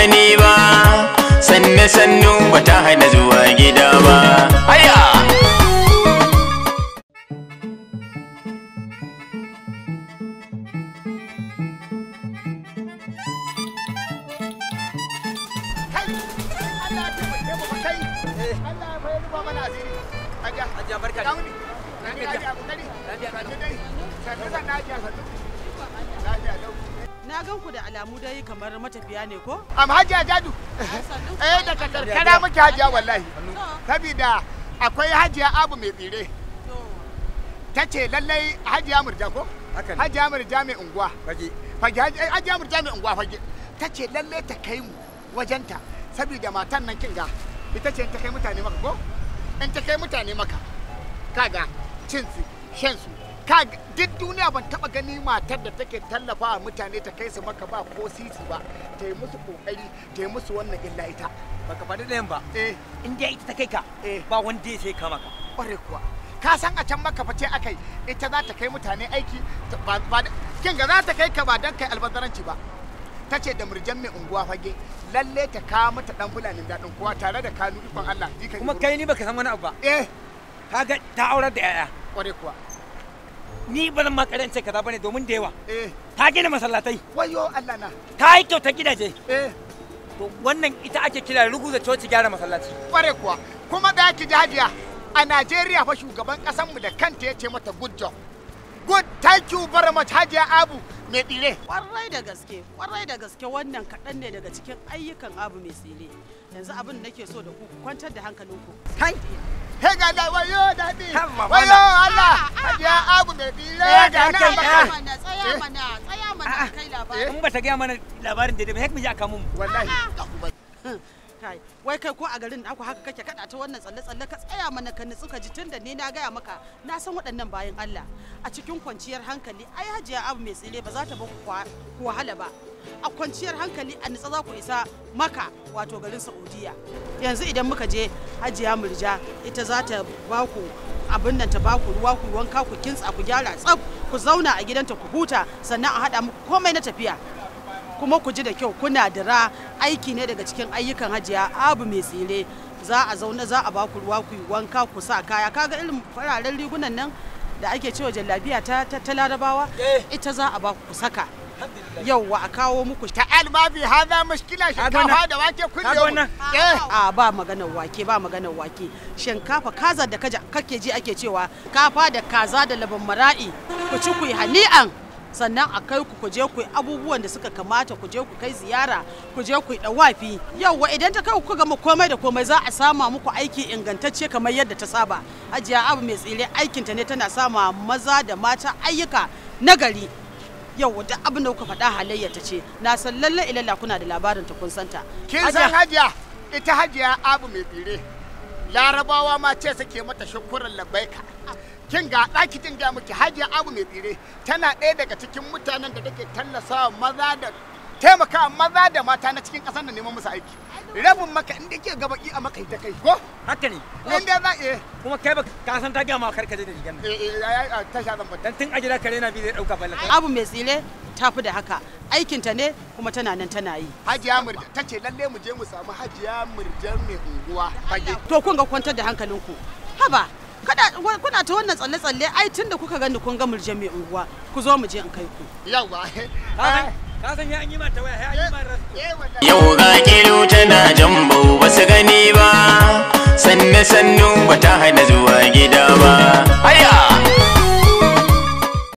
gani ba sanne sannu ba ta hana zuwa gida ba aya Na gan ku da alamu dai kamar matafiya ne ko? Am hajiya jadu. Eh daga karkara muke hajiya wallahi. Sabida akwai hajiya abu mai tsire. Ta ce lallai hajiya murja ko? Hajiya murja mai unguwa. Fage. Fage eh, hajiya murja mai unguwa fage. Ta ce lallai ta kai mu wajenta sabida matan nan kinga ita ce in ta kai mutane maka ko? In ta kai mutane maka kaga shan su ka duk duniya ban taba gani matar da take tallafa a mutane ta kai su maka ba ko sisi ba ta yi musu kokari ta yi musu wannan illa ita ka faɗi ɗayan ba eh inda ita ta kai ka eh. ba wanda ya sai ka maka ƙware kuwa ka san a can maka fice akai ita za ta kai mutane aiki ba kin ga za ta kai ka ba dan kai albazaranci ba ta ce da murjan mai unguwa fage lalle ta kawo mata dan fulanin daɗin kuwa tare da kanu ikon Allah kuma kai ni baka san wani abu ba eh ga ta aurar da 'ya'ya ƙware kuwa ni ba zan makarance kaza bane domin da yawa eh. ta gina masallatai wayo Allah na ta yi kyauta gidaje eh. to wannan ita ake kira ruguza coci gyara masallaci kware kuwa kuma da yake jajiya a Najeriya fa shugaban mu da kanta ya ce mata good job good thank you very much hajiya abu mai tsire kwarai da gaske kwarai da gaske wannan kaɗan ne daga cikin ayyukan abu mai tsire yanzu abin da nake so da ku kwantar da hankalin ku. kai He ga da wayo da daɗi, wayo Allah, Ya abu mai tsire da na baka. Tsaya mana, tsaya eh. mana ah, kai labarin. In ba ta ga mana labarin daidai ba, hek mu ji a kamun. Wallahi. Ah, ah. kai wai kai ko a garin naku haka kake kada ta wannan tsalle tsalle ka tsaya mana ka nutsu ka ji tunda ne na gaya maka na san waɗannan bayan Allah a cikin kwanciyar hankali ai hajiya abu mai tsile ba za ta baku ku wahala ba a kwanciyar hankali a nutsa za ku isa maka wato garin Saudiya yanzu idan muka je hajiya murja ita za ta ba abin nan ta baku ruwa ku wanka ku kintsa ku gyara tsab ku zauna a gidanta ku huta sannan a haɗa muku komai na tafiya kuma ku ji da kyau kuna dira aiki ne daga cikin ayyukan hajiya abu mai tsire za a zaune za a baku ruwa ku yi wanka ku sa kaya kaga irin fararen rigunan nan da ake cewa jallabiya ta ta larabawa eh. ita za a baku ku saka yauwa a kawo muku ta albabi za mushkila shinkafa da wake kullum eh. a ba maganar wake ba maganar wake shinkafa kaza da kaja kake ji ake cewa kafa da kaza da labin mara'i ku ci ku yi hani'an sannan a kai ku kuje ku abubuwan da suka kamata ku je ku kai ziyara ku je ku dawafi yauwa idan ta kai ku gama komai da komai za a sama muku aiki ingantacce kamar yadda ta saba Hajiya abu mai tsire aikin ta ne tana sama maza da mata ayyuka na gari yauwa duk abin da kuka faɗa halayya ta ce na san lalle ilalla kuna da labarin ta kun santa kin san hajiya ita hajiya abu mai tsire larabawa ma ce suke mata shukuran labaika kin ga ɗaki kin ga miki hajiya abu mai tsire tana ɗaya daga cikin mutanen da take tallasawa maza da taimaka maza da mata na cikin ƙasar da neman musu aiki rabin maka inda ke gaba ki a maka ita kai ko haka ne inda za eh kuma kai ba ka san ta ga ma karka je da rigan nan eh, eh ta sha zan dan tun a gida kare na bi zai dauka balla abu mai tsire tafi da haka aikin ta ne kuma tana nan tana yi hajiya murja ta ce lalle mu je mu samu hajiya murjan mai unguwa fage to kun ga kwantar da hankalinku haba kuna ta wannan tsalle-tsalle ai tun da kuka gani kun ga murje mai unguwa ku zo mu je in kai ku yawa ka san ya an yi mata waya ya an yi mata eh, eh, ga kilo tana jambo ba su gani ba sanne sannu ba ta hana zuwa